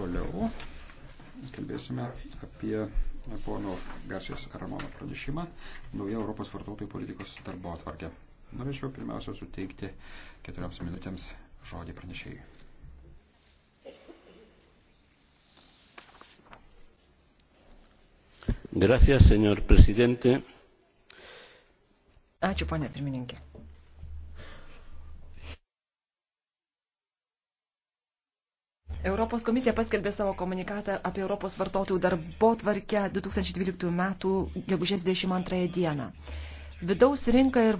Toliau kalbėsime apie pono Garsijos Ramono pranešimą nauja Europos vartotojų politikos darbo atvarkė. Norėčiau pirmiausia suteikti keturioms minutėms žodį pranešėjui. Gracias, señor presidente. Ačiū, ponė pirmininkė. Europos komisija paskelbė savo komunikatą apie Europos vartotojų darbo tvarkę 2012 metų gegužės 22 dieną. Vidaus, rinka ir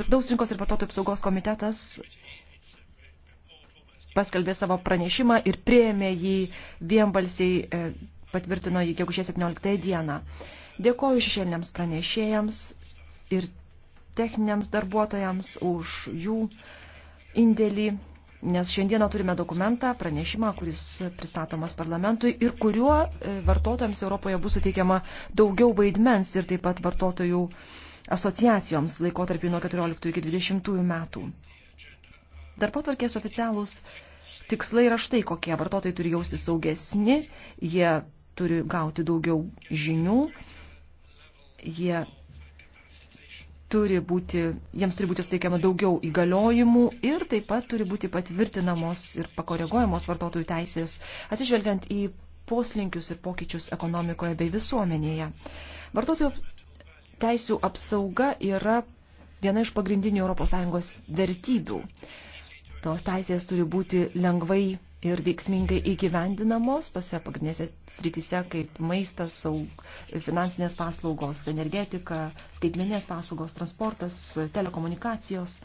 vidaus rinkos ir vartotojų apsaugos komitetas paskelbė savo pranešimą ir prieėmė jį vienbalsiai e, patvirtino jį gegužės 17 dieną. Dėkoju šešėliniams pranešėjams ir techniniams darbuotojams už jų indėlį Nes šiandieną turime dokumentą, pranešimą, kuris pristatomas parlamentui ir kuriuo e, vartotojams Europoje bus suteikiama daugiau vaidmens ir taip pat vartotojų asociacijoms laikotarpį nuo 14 iki 20 metų. Darbotvarkės oficialūs tikslai yra štai kokie. Vartotojai turi jausti saugesni, jie turi gauti daugiau žinių, jie turi būti, jiems turi būti suteikiama daugiau įgaliojimų ir taip pat turi būti patvirtinamos ir pakoreguojamos vartotojų teisės, atsižvelgiant į poslinkius ir pokyčius ekonomikoje bei visuomenėje. Vartotojų teisų apsauga yra viena iš pagrindinių ES vertybių. Tos teisės turi būti lengvai ir veiksmingai įgyvendinamos tose pagrindinėse srityse kaip maistas, saug, finansinės paslaugos, energetika, skaitmenės paslaugos, transportas, telekomunikacijos.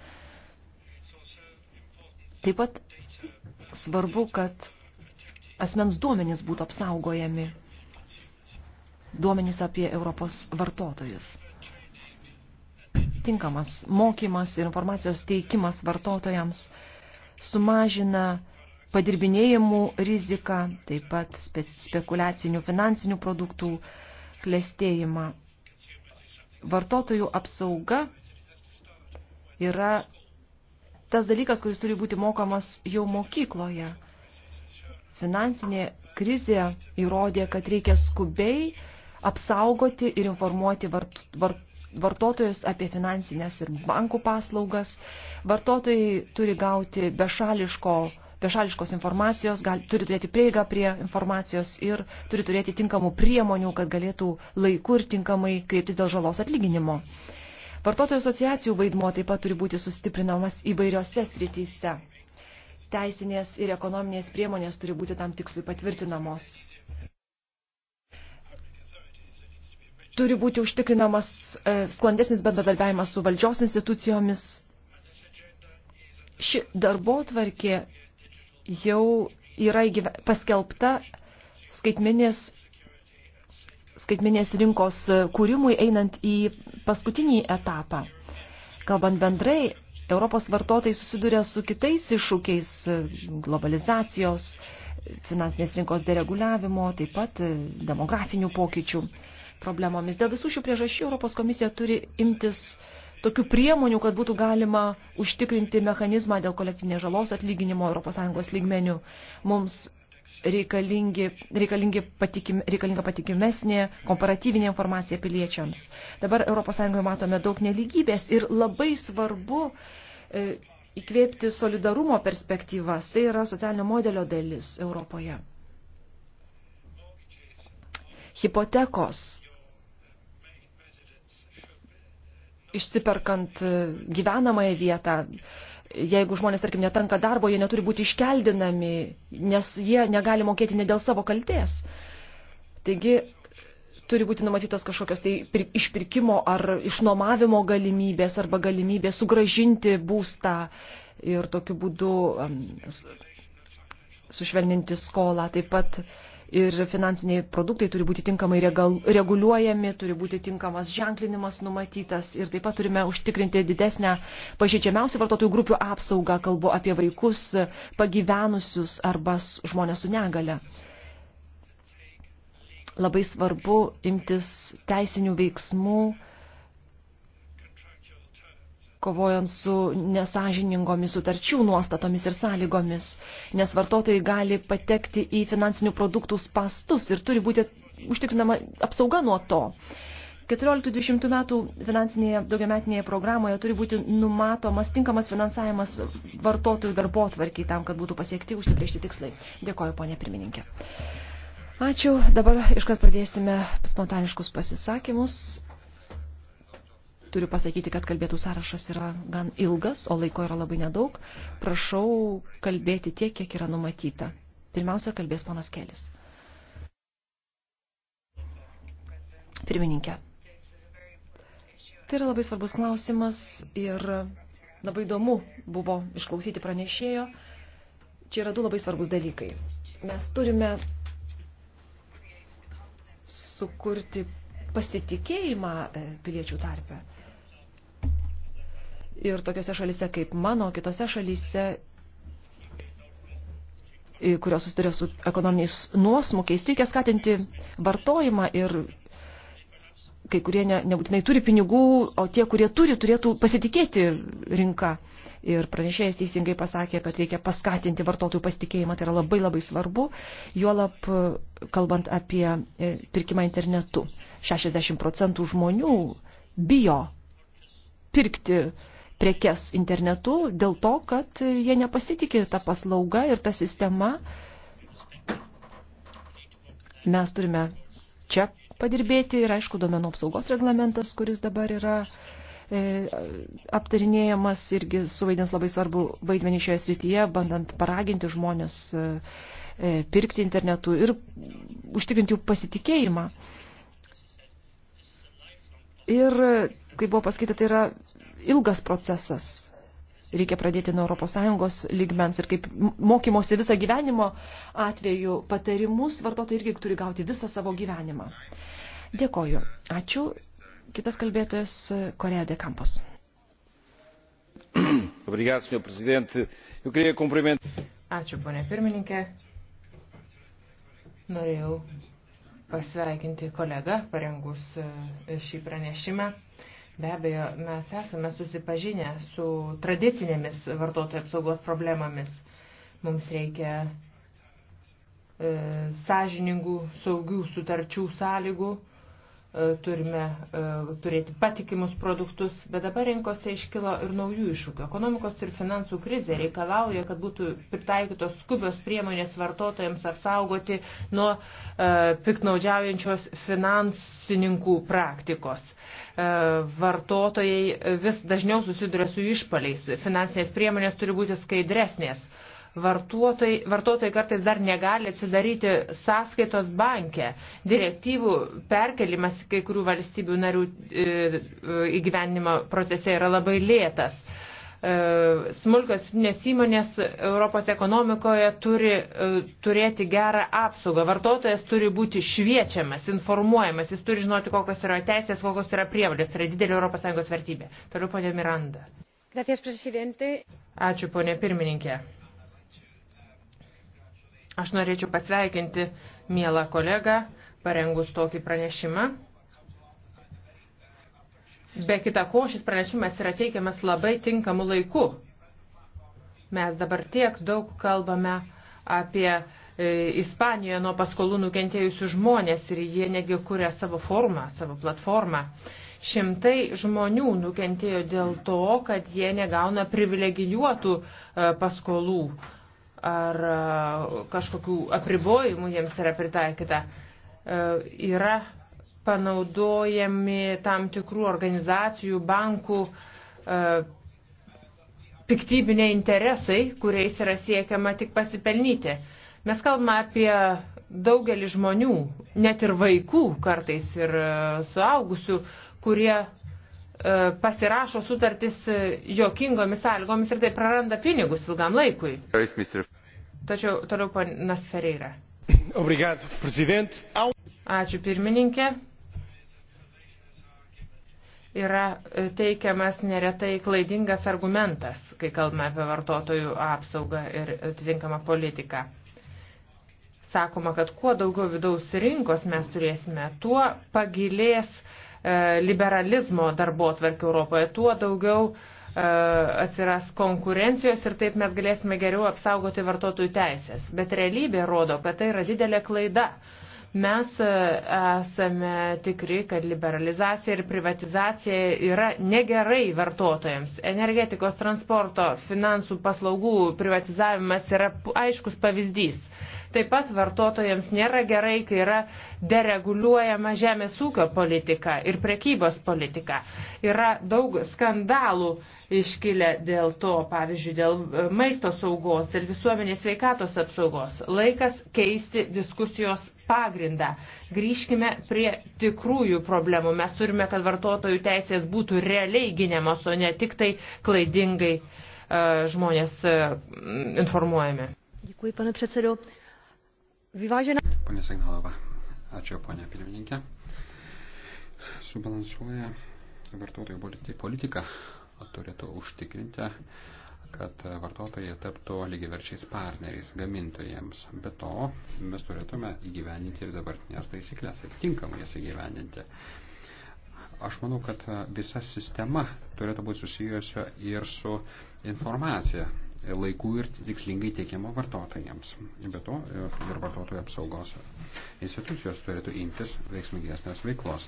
Taip pat svarbu, kad asmens duomenys būtų apsaugojami, duomenys apie Europos vartotojus. Tinkamas mokymas ir informacijos teikimas vartotojams sumažina padirbinėjimų riziką, taip pat spekuliacinių finansinių produktų klėstėjimą. Vartotojų apsauga yra tas dalykas, kuris turi būti mokamas jau mokykloje. Finansinė krizė įrodė, kad reikia skubiai apsaugoti ir informuoti vart, vart, vartotojus apie finansinės ir bankų paslaugas. Vartotojai turi gauti bešališko bešališkos informacijos, gali, turi turėti prieigą prie informacijos ir turi turėti tinkamų priemonių, kad galėtų laiku ir tinkamai kreiptis dėl žalos atlyginimo. Vartotojų asociacijų vaidmuo taip pat turi būti sustiprinamas įvairiose srityse. Teisinės ir ekonominės priemonės turi būti tam tikslui patvirtinamos. Turi būti užtikrinamas e, sklandesnis bendradarbiavimas su valdžios institucijomis. Ši darbo tvarkė jau yra paskelbta skaitminės, skaitminės rinkos kūrimui einant į paskutinį etapą. Kalbant bendrai, Europos vartotojai susiduria su kitais iššūkiais globalizacijos, finansinės rinkos dereguliavimo, taip pat demografinių pokyčių problemomis. Dėl visų šių priežasčių Europos komisija turi imtis uh, tokių priemonių, kad būtų galima užtikrinti mechanizmą dėl kolektyvinės žalos atlyginimo ES lygmenių. Mums reikalingi, reikalingi patikim, reikalinga patikimesnė komparatyvinė informacija piliečiams. Dabar ES matome daug neligybės ir labai svarbu e, įkvėpti solidarumo perspektyvas. Tai yra socialinio modelio dalis Europoje. Hipotekos išsiperkant e, gyvenamąją vietą. Jeigu žmonės, tarkim, netenka darbo, jie neturi būti iškeldinami, nes jie negali mokėti ne dėl savo kalties. Taigi turi būti numatytos kažkokios tai išpirkimo ar išnomavimo galimybės arba galimybė sugražinti būstą ir tokiu būdu sušvelninti skolą. Taip pat uh, ir finansiniai produktai turi būti tinkamai regal, reguliuojami, turi būti tinkamas ženklinimas numatytas ir taip pat turime užtikrinti didesnę pažeidžiamiausių vartotojų grupių apsaugą, kalbu apie vaikus, pagyvenusius arba žmonės su negale. Labai svarbu imtis teisinių veiksmų kovojant su nesažiningomis sutarčių nuostatomis ir sąlygomis, nes vartotojai gali patekti į finansinių produktų spastus ir turi būti užtikrinama apsauga nuo to. 14-20 metų finansinėje daugiametinėje programoje turi būti numatomas tinkamas finansavimas vartotojų darbo tvarkiai tam, kad būtų pasiekti užsibriežti tikslai. Dėkoju, ponė pirmininkė. Ačiū. Dabar iškart pradėsime spontaniškus pasisakymus. Turiu pasakyti, kad kalbėtų sąrašas yra gan ilgas, o laiko yra labai nedaug. Prašau kalbėti tiek, kiek yra numatyta. Pirmiausia, kalbės ponas Kelis. Pirmininkė. Tai yra labai svarbus klausimas ir labai įdomu buvo išklausyti pranešėjo. Čia yra du labai svarbus dalykai. Mes turime sukurti pasitikėjimą e, piliečių tarpe. Ir tokiose šalise kaip mano, kitose šalise, kurios susiduria su ekonominiais nuosmukiais, reikia skatinti vartojimą ir kai kurie ne, nebūtinai turi pinigų, o tie, kurie turi, turėtų pasitikėti rinką. Ir pranešėjas teisingai pasakė, kad reikia paskatinti vartotojų pasitikėjimą, tai yra labai labai svarbu, juolap kalbant apie e, pirkimą internetu. 60 procentų žmonių bijo pirkti prekes internetu dėl to, kad jie nepasitikė tą paslaugą ir tą sistemą. Mes turime čia padirbėti ir, aišku, domenų apsaugos reglamentas, kuris dabar yra e, aptarinėjamas irgi suvaidins labai svarbu vaidmenį šioje srityje, bandant paraginti žmonės e, e pirkti internetu ir užtikrinti jų pasitikėjimą. Ir, kaip buvo pasakyta, tai yra ilgas procesas. Reikia pradėti nuo ES lygmens ir kaip mokymosi visą gyvenimo atveju patarimus vartotojai irgi turi gauti visą savo gyvenimą. Dėkoju. Ačiū. Kitas kalbėtojas Korea de Campos. Ačiū, ponė pirmininkė. Norėjau pasveikinti kolegą, parengus e, šį pranešimą. Be abejo, mes esame susipažinę su tradicinėmis vartotojų apsaugos problemomis. Mums reikia e, sąžiningų, saugių sutarčių sąlygų E, turime e, turėti patikimus produktus, bet dabar rinkose iškilo ir naujų iššūkių. Ekonomikos ir finansų krizė reikalauja, kad būtų pritaikytos skubios priemonės vartotojams apsaugoti nuo e, piknaudžiaujančios finansininkų praktikos. Vartotojai vis dažniau susiduria su išpaliais. Finansinės priemonės turi būti skaidresnės Vartotojai, vartotojai kartais dar negali atsidaryti sąskaitos banke. Direktyvų perkelimas kai kurių valstybių narių e, e, įgyvenimo procese yra labai lėtas e, smulkios nes įmonės Europos ekonomikoje turi turėti gerą apsaugą. Vartotojas turi būti šviečiamas, informuojamas, jis turi žinoti, kokios yra teisės, kokios yra prievalės. Tai yra didelė ES vertybė. Toliau ponė Miranda. Gracias, Ačiū, ponė pirmininkė. Aš norėčiau pasveikinti mielą kolegą, parengus tokį pranešimą. Be kita ko, šis pranešimas yra teikiamas labai tinkamu laiku. Mes dabar tiek daug kalbame apie e, Ispanijoje nuo paskolų nukentėjusių žmonės ir jie netgi kuria savo formą, savo platformą. Šimtai žmonių nukentėjo dėl to, kad jie negauna privilegijuotų e, paskolų. E, ar e, kažkokių apribojimų jiems yra pritaikyta, e, yra panaudojami tam tikrų organizacijų, bankų e, piktybiniai interesai, kuriais yra siekiama tik pasipelnyti. Mes kalbame apie daugelį žmonių, net ir vaikų kartais ir suaugusių, kurie E, pasirašo sutartis e, jokingomis sąlygomis ir tai praranda pinigus ilgam laikui. Tačiau toliau panas Ferreira. Obrigado, prezident. Um- Ačiū pirmininkė. Yra e, teikiamas neretai klaidingas argumentas, kai kalbame apie vartotojų apsaugą ir atitinkamą politiką. Sakoma, kad kuo daugiau vidaus rinkos mes turėsime, tuo pagilės uh, E, liberalizmo darbo atvarkį Europoje, tuo daugiau e, atsiras konkurencijos ir taip mes galėsime geriau apsaugoti vartotojų teisės. Bet realybė rodo, kad tai yra didelė klaida. Mes e, esame tikri, kad liberalizacija ir privatizacija yra negerai vartotojams. Energetikos, transporto, finansų paslaugų privatizavimas yra aiškus pavyzdys. Taip pat vartotojams nėra gerai, kai yra dereguliuojama žemės ūkio politika ir prekybos politika. Yra daug skandalų iškilę dėl to, pavyzdžiui, dėl e, maisto saugos, dėl visuomenės sveikatos apsaugos. Laikas keisti diskusijos pagrindą. Grįžkime prie tikrųjų problemų. Mes turime, kad vartotojų teisės būtų realiai gynėmos, o ne tik tai klaidingai uh, žmonės uh, informuojami. Děkuji, pane předsedo. Vyvážená. Pane Signalova, ačiū, ponė pirmininkė. Subalansuoja vartotojų politika turėtų užtikrinti, kad vartotojai taptų lygiverčiais partneriais gamintojams. Be to, mes turėtume įgyveninti ir dabartinės taisyklės ir tinkamai jas įgyveninti. Aš manau, kad visa sistema turėtų būti susijusi ir su informacija laikų ir tikslingai teikiama vartotojams. Be to ir vartotojų apsaugos institucijos turėtų imtis veiksmingesnės veiklos.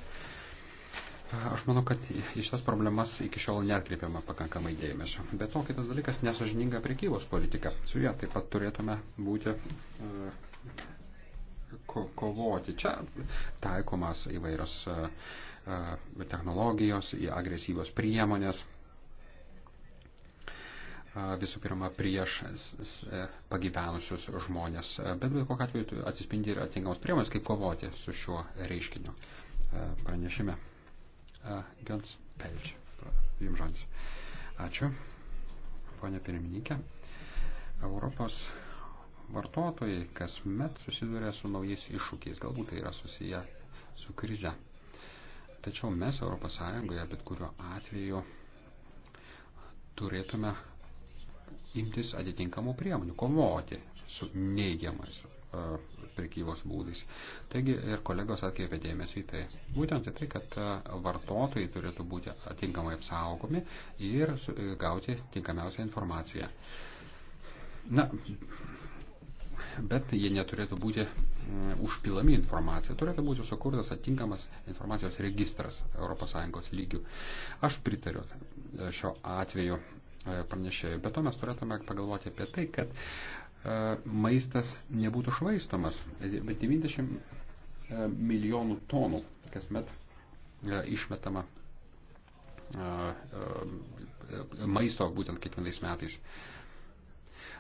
Aš manau, kad į šitas problemas iki šiol netkreipiama pakankamai dėmesio. Be to, kitas dalykas - nesažininga priekybos politika. Su ja taip pat turėtume būti e, ko, kovoti. Čia taikomas įvairios e, e, technologijos, agresyvios priemonės visų pirma prieš e, pagyvenusius žmonės. Bet bet kokiu atveju atsispindi ir atitinkamos priemonės, kaip kovoti su šiuo reiškiniu. E, pranešime. E, Gens Pelč. Jums žodis. Ačiū. Pone pirmininkė. Europos vartotojai kasmet susiduria su naujais iššūkiais. Galbūt tai yra susiję su krize. Tačiau mes ES bet kuriuo atveju turėtume imtis atitinkamų priemonių, kovoti su neigiamais e, prekybos būdais. Taigi ir kolegos atkreipė dėmesį į tai. Būtent į tai, kad e, vartotojai turėtų būti atinkamai apsaugomi ir e, gauti tinkamiausią informaciją. Na, bet jie neturėtų būti mm, užpilami informacija. Turėtų būti sukurtas atinkamas informacijos registras ES lygių. Aš pritariu šio atveju E, pranešėjų. Bet to mes turėtume pagalvoti apie tai, kad e, maistas nebūtų švaistomas. 90 e, milijonų tonų kasmet išmetama maisto būtent kiekvienais metais.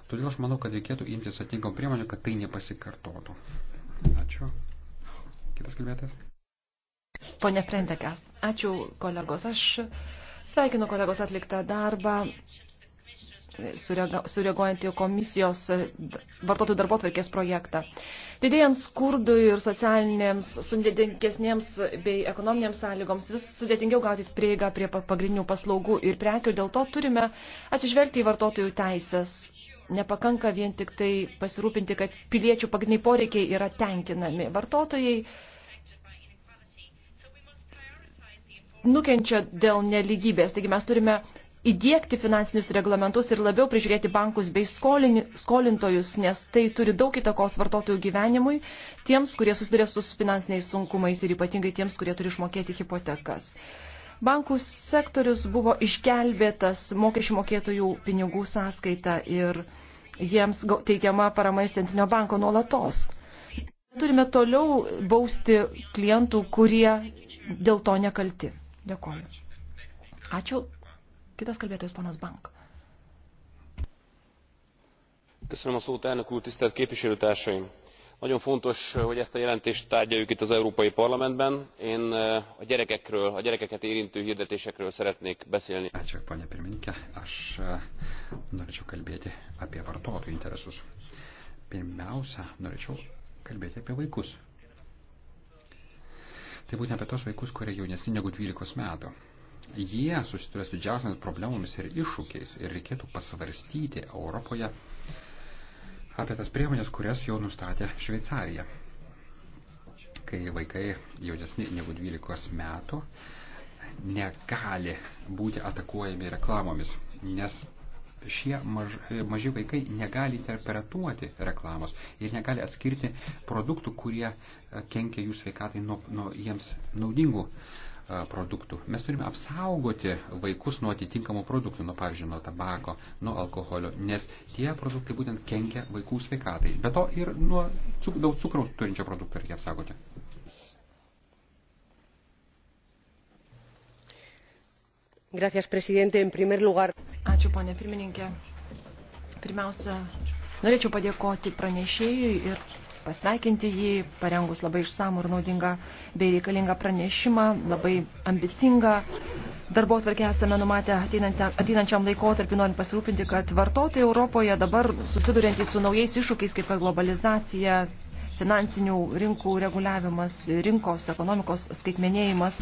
Todėl aš manau, kad reikėtų imtis atinkamų priemonių, kad tai nepasikartotų. Ačiū. Kitas kalbėtas. Pone Prendekas, ačiū kolegos. Aš Sveikinu kolegos atliktą darbą, sureaguojant į komisijos vartotojų darbotvarkės projektą. Didėjant skurdui ir socialinėms, sudėtingesnėms bei ekonominėms sąlygoms vis sudėtingiau gauti prieigą prie pagrindinių paslaugų ir prekių ir dėl to turime atsižvelgti į vartotojų teisės. Nepakanka vien tik tai pasirūpinti, kad piliečių pagrindiniai poreikiai yra tenkinami. Vartotojai nukenčia dėl neligybės. Taigi mes turime įdėkti finansinius reglamentus ir labiau prižiūrėti bankus bei skolini, skolintojus, nes tai turi daug įtakos vartotojų gyvenimui, tiems, kurie susiduria su finansiniais sunkumais ir ypatingai tiems, kurie turi išmokėti hipotekas. Bankų sektorius buvo išgelbėtas mokesčių mokėtojų pinigų sąskaita ir jiems teikiama parama iš Centrinio banko nuolatos. Turime toliau bausti klientų, kurie dėl to nekalti. Dėkoju. Ačiū. Kitas kalbėtojas panas Bank. Köszönöm a szót, elnök úr, tisztelt képviselőtársaim! Nagyon fontos, hogy ezt a jelentést tárgyaljuk itt az Európai Parlamentben. Én a gyerekekről, a gyerekeket érintő hirdetésekről szeretnék beszélni. Ačiū, ponia pirmininkė. Aš norėčiau kalbėti apie vartotojų interesus. Pirmiausia, norėčiau kalbėti apie vaikus tai būtent apie tos vaikus, kurie jaunesni negu 12 metų. Jie susiduria su didžiausiamis problemomis ir iššūkiais ir reikėtų pasvarstyti Europoje apie tas priemonės, kurias jau nustatė Šveicarija. Kai vaikai jaunesni negu 12 metų negali būti atakuojami reklamomis, nes šie maž, e, maži vaikai negali interpretuoti reklamos ir negali atskirti produktų, kurie e, kenkia jų sveikatai nuo, nuo jiems naudingų e, produktų. Mes turime apsaugoti vaikus nuo atitinkamų produktų, nuo, pavyzdžiui, nuo tabako, nuo alkoholio, nes tie produktai būtent kenkia vaikų sveikatai. Be to ir nuo cuk, daug cukraus turinčio produkto reikia apsaugoti. señor presidente en primer lugar ačiū pone pirmininke pirmiausia norėčiau padėkoti pranešėjui ir pasveikinti jį parengus labai išsamų ir naudingą bei reikalingą pranešimą labai ambicingą darbotvarkę esame numatę ateinančiam laikotarpiui norint pasirūpinti kad vartotojai europoje dabar susiduriantys su naujais iššūkiais kaip kad globalizacija finansinių rinkų reguliavimas rinkos ekonomikos skaitmenėjimas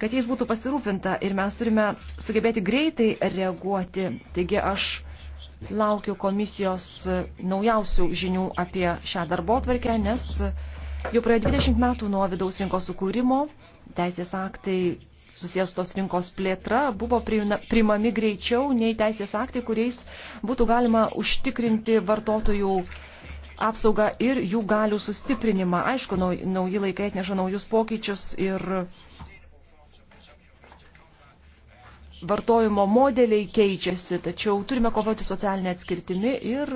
kad jais būtų pasirūpinta ir mes turime sugebėti greitai reaguoti. Taigi aš laukiu komisijos naujausių žinių apie šią darbo tvarkę, nes jau praėjo 20 metų nuo vidaus rinkos sukūrimo, teisės aktai susijęs tos rinkos plėtra buvo priimami greičiau nei teisės aktai, kuriais būtų galima užtikrinti vartotojų apsaugą ir jų galių sustiprinimą. Aišku, nauji laikai atneša naujus pokyčius ir vartojimo modeliai keičiasi, tačiau turime kovoti socialinę atskirtimi ir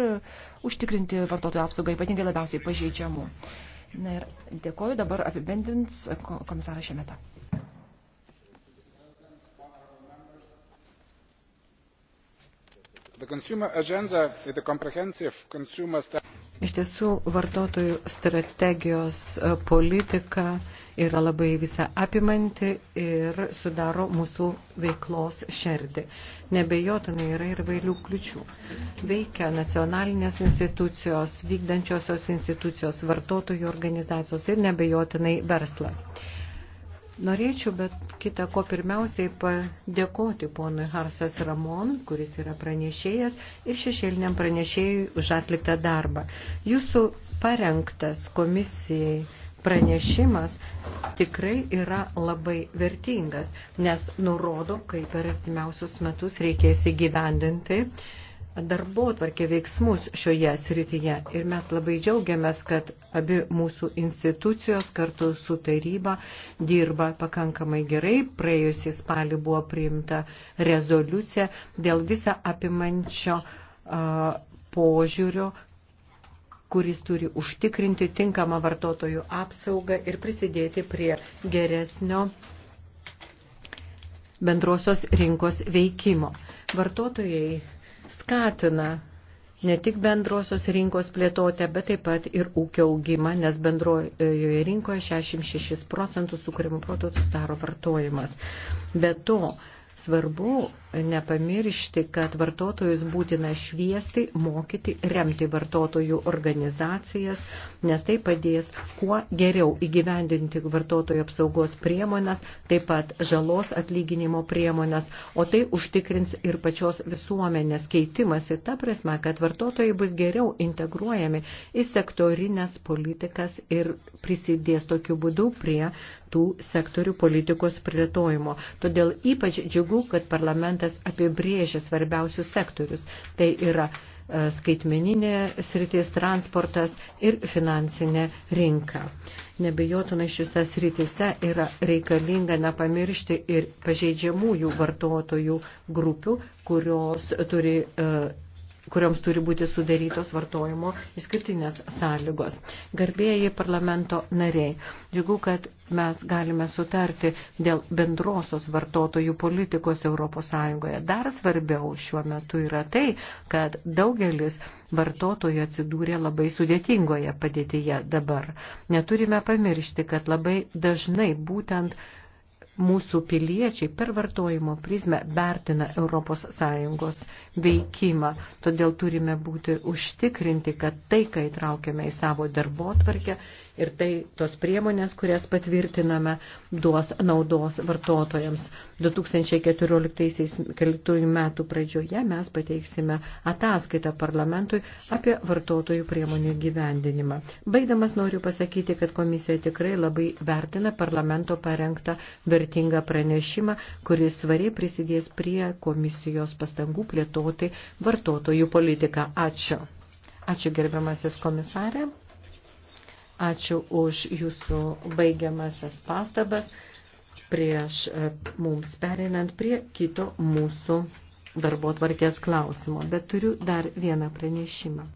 užtikrinti vartotojų apsaugą, ypatingai labiausiai pažeidžiamų. Na ir dėkoju, dabar apibendins komisaras Šemeta. Iš tiesų, vartotojų strategijos e, politika yra labai visą apimanti ir sudaro mūsų veiklos šerdį. Nebejotinai yra ir vailių kliučių. Veikia nacionalinės institucijos, vykdančiosios institucijos, vartotojų organizacijos ir nebejotinai verslas. Norėčiau, bet kitą ko pirmiausiai padėkoti ponui Harsas Ramon, kuris yra pranešėjas, ir šešėliniam pranešėjui už atliktą darbą. Jūsų parengtas komisijai pranešimas tikrai yra labai vertingas, nes nurodo, kaip per artimiausius metus reikės įgyvendinti uh, darbo tvarkė veiksmus šioje srityje ir mes labai džiaugiamės, kad abi mūsų institucijos kartu su taryba dirba pakankamai gerai. Praėjusį spalį buvo priimta rezoliucija dėl visą apimančio uh, požiūrio kuris turi užtikrinti tinkamą vartotojų apsaugą ir prisidėti prie geresnio bendrosios rinkos veikimo. Vartotojai skatina ne tik bendrosios rinkos plėtotę, bet taip pat ir ūkio augimą, nes bendrojoje rinkoje 66 procentų sukūrimų produktų daro vartojimas. Be to, Svarbu nepamiršti, kad vartotojus būtina šviesti, mokyti, remti vartotojų organizacijas, nes tai padės kuo geriau įgyvendinti vartotojų apsaugos priemonės, taip pat žalos atlyginimo priemonės, o tai užtikrins ir pačios visuomenės keitimas į tą prasme, kad vartotojai bus geriau integruojami į sektorinės politikas ir prisidės tokiu būdu prie tų sektorių politikos plėtojimo. Todėl ypač džiugu, džiugu, kad parlamentas apibrėžė svarbiausius sektorius. Tai yra e, skaitmeninė sritis, transportas ir finansinė rinka. Nebejotinai šiuose sritise yra reikalinga nepamiršti ir pažeidžiamųjų vartotojų grupių, kurios turi e, kurioms turi būti sudarytos vartojimo išskirtinės sąlygos. Garbėjai parlamento nariai, džiugu, kad mes galime sutarti dėl bendrosios vartotojų politikos ES. Dar svarbiau šiuo metu yra tai, kad daugelis vartotojų atsidūrė labai sudėtingoje padėtyje dabar. Neturime pamiršti, kad labai dažnai būtent mūsų piliečiai per vartojimo prizmę vertina ES veikimą. Todėl turime būti užtikrinti, kad tai, kai traukiame į savo darbo tvarkę, Ir tai tos priemonės, kurias patvirtiname, duos naudos vartotojams. 2014 metų pradžioje mes pateiksime ataskaitą parlamentui apie vartotojų priemonių gyvendinimą. Baigdamas noriu pasakyti, kad komisija tikrai labai vertina parlamento parengtą vertingą pranešimą, kuris svariai prisidės prie komisijos pastangų plėtoti vartotojų politiką. Ačiū. Ačiū gerbiamasis komisarė. Ačiū už jūsų baigiamasias pastabas prieš e, mums perinant prie kito mūsų darbo tvarkės klausimo. Bet turiu dar vieną pranešimą.